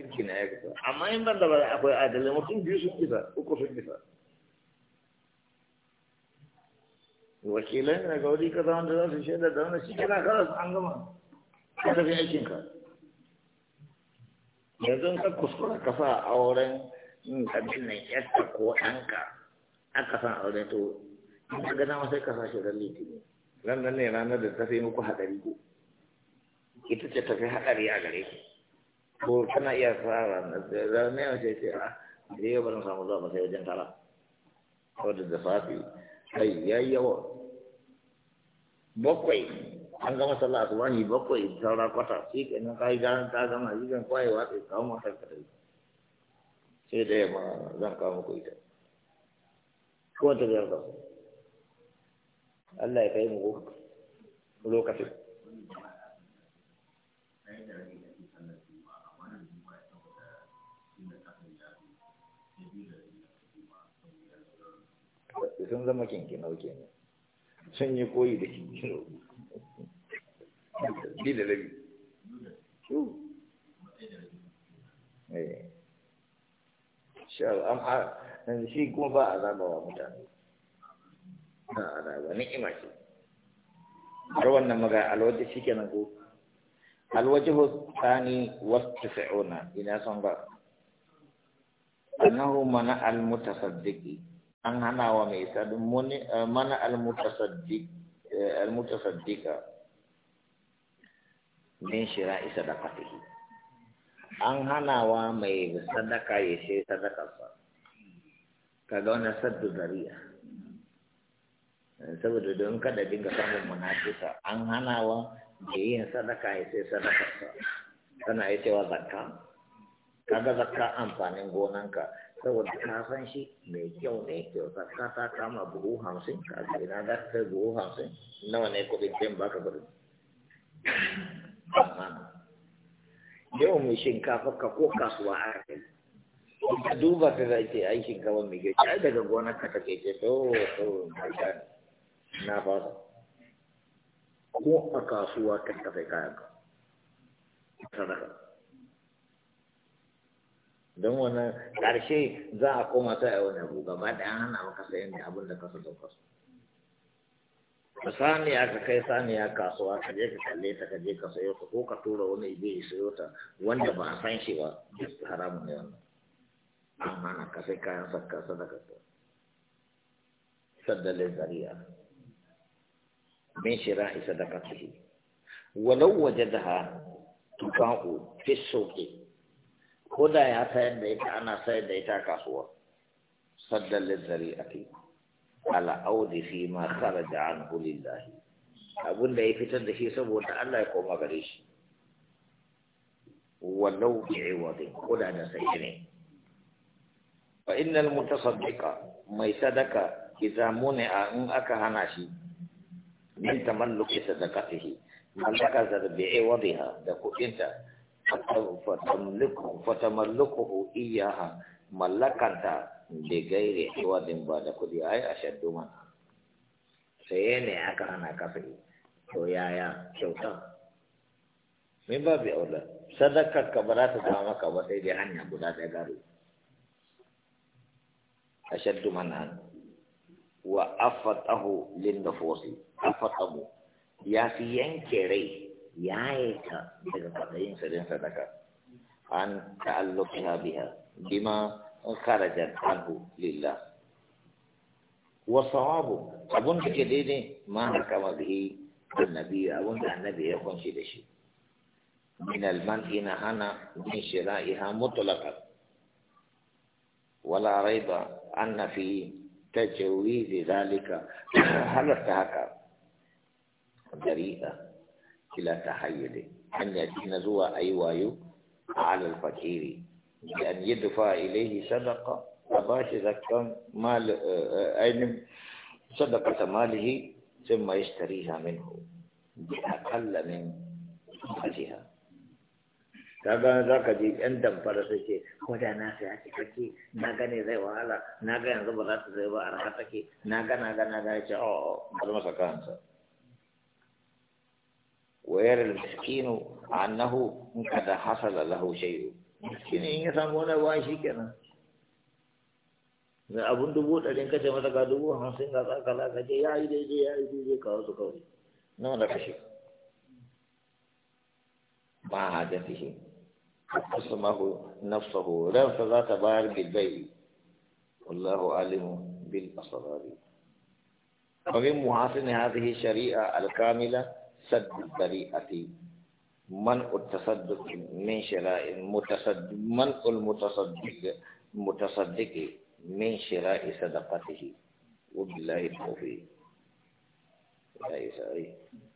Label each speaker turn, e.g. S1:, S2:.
S1: kirki na ya fita amma in ban da ba akwai adalai mutum biyu sun isa uku sun isa wakilai na gauri ka zama da za su shaida da wani shi kana kara an gama ka tafi aikinka yanzu ka kuskura ka sa auren abin nan yarka ko ɗanka aka san aure to in ka gana sai ka sa shi ran litinin ran nan ne ranar da ta fi muku haɗari ko ita ce tafi haɗari a gare ku ko kana iya fara da ne wace ce a ah, da yau barin samu zuwa masai wajen tara wadda da safi kai ya yi yawa bakwai an gama sallah su wani bakwai saura kwata shi ke nan kayi garan ta gama yi zan kwaye watsa kawo matar ka dai sai da yamma zan kawo muku ita ko ta biyar da Allah ya kai mu lokacin sun zama kinkinau ne, sun yi koyi da kinkinau bi da eh. kuma ba a mutane ba a zaba har wannan magana shi kenan ko alwaji hussani wasu ina son ba annahu mana al-mutasaddiqi an hana eh, eh, wa mai sadin mana almutasaddika min shira isa da fatihi an hana wa mai sadaka ya ce sadakarsa kaga wani saddu zariya saboda don kada dinga samun munafisa an hana wa mai yin sadaka ya ce sadakarsa tana ya cewa zakka kaga zakka amfanin gonanka saboda ka san shi mai kyau ne kyautar ka ta kama buhu hamsin ka ga ina da ta buhu hamsin nawa ne kuɗin jin baka bari yau mai shinkafa ka ko kasuwa a kai ka duba ta ga ce ai shinkafa mai kyau ai daga gonar ka take ce to to na fasa ko a kasuwa ka kafa kayan ka sadaka don wannan ƙarshe za a koma ta yi wani abu gaba da an hana maka sai ne abin da ka so ka saniya ka kai saniya kasuwa ka je ka kalle ta ka je ka sayo ta ko ka tura wani ibe ya sayo ta wanda ba a san shi ba haramun ne wannan amma na ka sai kayan sakka sadaka ta saddalin zariya min isa da ka sadakatihi walau wajadaha tuqa'u fi sauƙi. ko da ya sayar da ita ana sayar da ita kasuwa saddan lizzari a ke ala'audi fi ma tsara da an hulillahi abin da ya fitar da shi saboda Allah ya koma gare shi wallau bi'i wadin ko da na sai ne fa innal mutasaddiqa mai sadaka idza muni'a in aka hana shi min tamalluki sadaqatihi mallaka zarbi'i wadiha da kuɗinta fatamallikuhu iyaha mallakanta da gaire iwadin ba da kudi ai a shaddu mana sai ne aka hana kafa kafi to yaya kyautan min ba babu aula sadakar ka ba za ta zama maka ba sai dai hanya guda ɗaya gado a shaddu mana wa afatahu lin da fosi afatahu ya fi yanke rai yaye ta daga kwaɗayin sarin sadaka an ta'alluqiha biha bima kharaja anhu lillah wa sawabu abun da ke daidai ma hakama bihi annabi abun da annabi ya kunshi da shi من المنع نهانا من شرائها مطلقا ولا ريب أن في تجويز ذلك هل استهكى بريئة إلى تحيد أن يكون زوى أي وايو على الفقير بأن يدفع إليه صدقة أباش زكا مال أين صدقة ماله ثم يشتريها منه بأقل من قيمتها kaga za ka je yan damfara su ce ko da na saya ki kake na gane zai wahala na ga yanzu ba za ta zai ba a raka take na gana gana da ya ce o ba masa kansa ويرى المسكين أنه قد حصل له شيء مسكين إن كان ولا واشي كنا أبون دبو تدين كذا ما تكادو هم سينغ كلا كذا يا إيدي يا إيدي يا إيدي كاو تكاو نعم لا كشي ما هذا فيه قسمه نفسه لا فذات بار بالبيع والله عليم بالأسرار فمن محاسن هذه الشريعة الكاملة سد الذريئة من التصدق من شراء المتصدق من المتصدق المتصدق من شراء صدقته وبالله التوفيق لا يسعي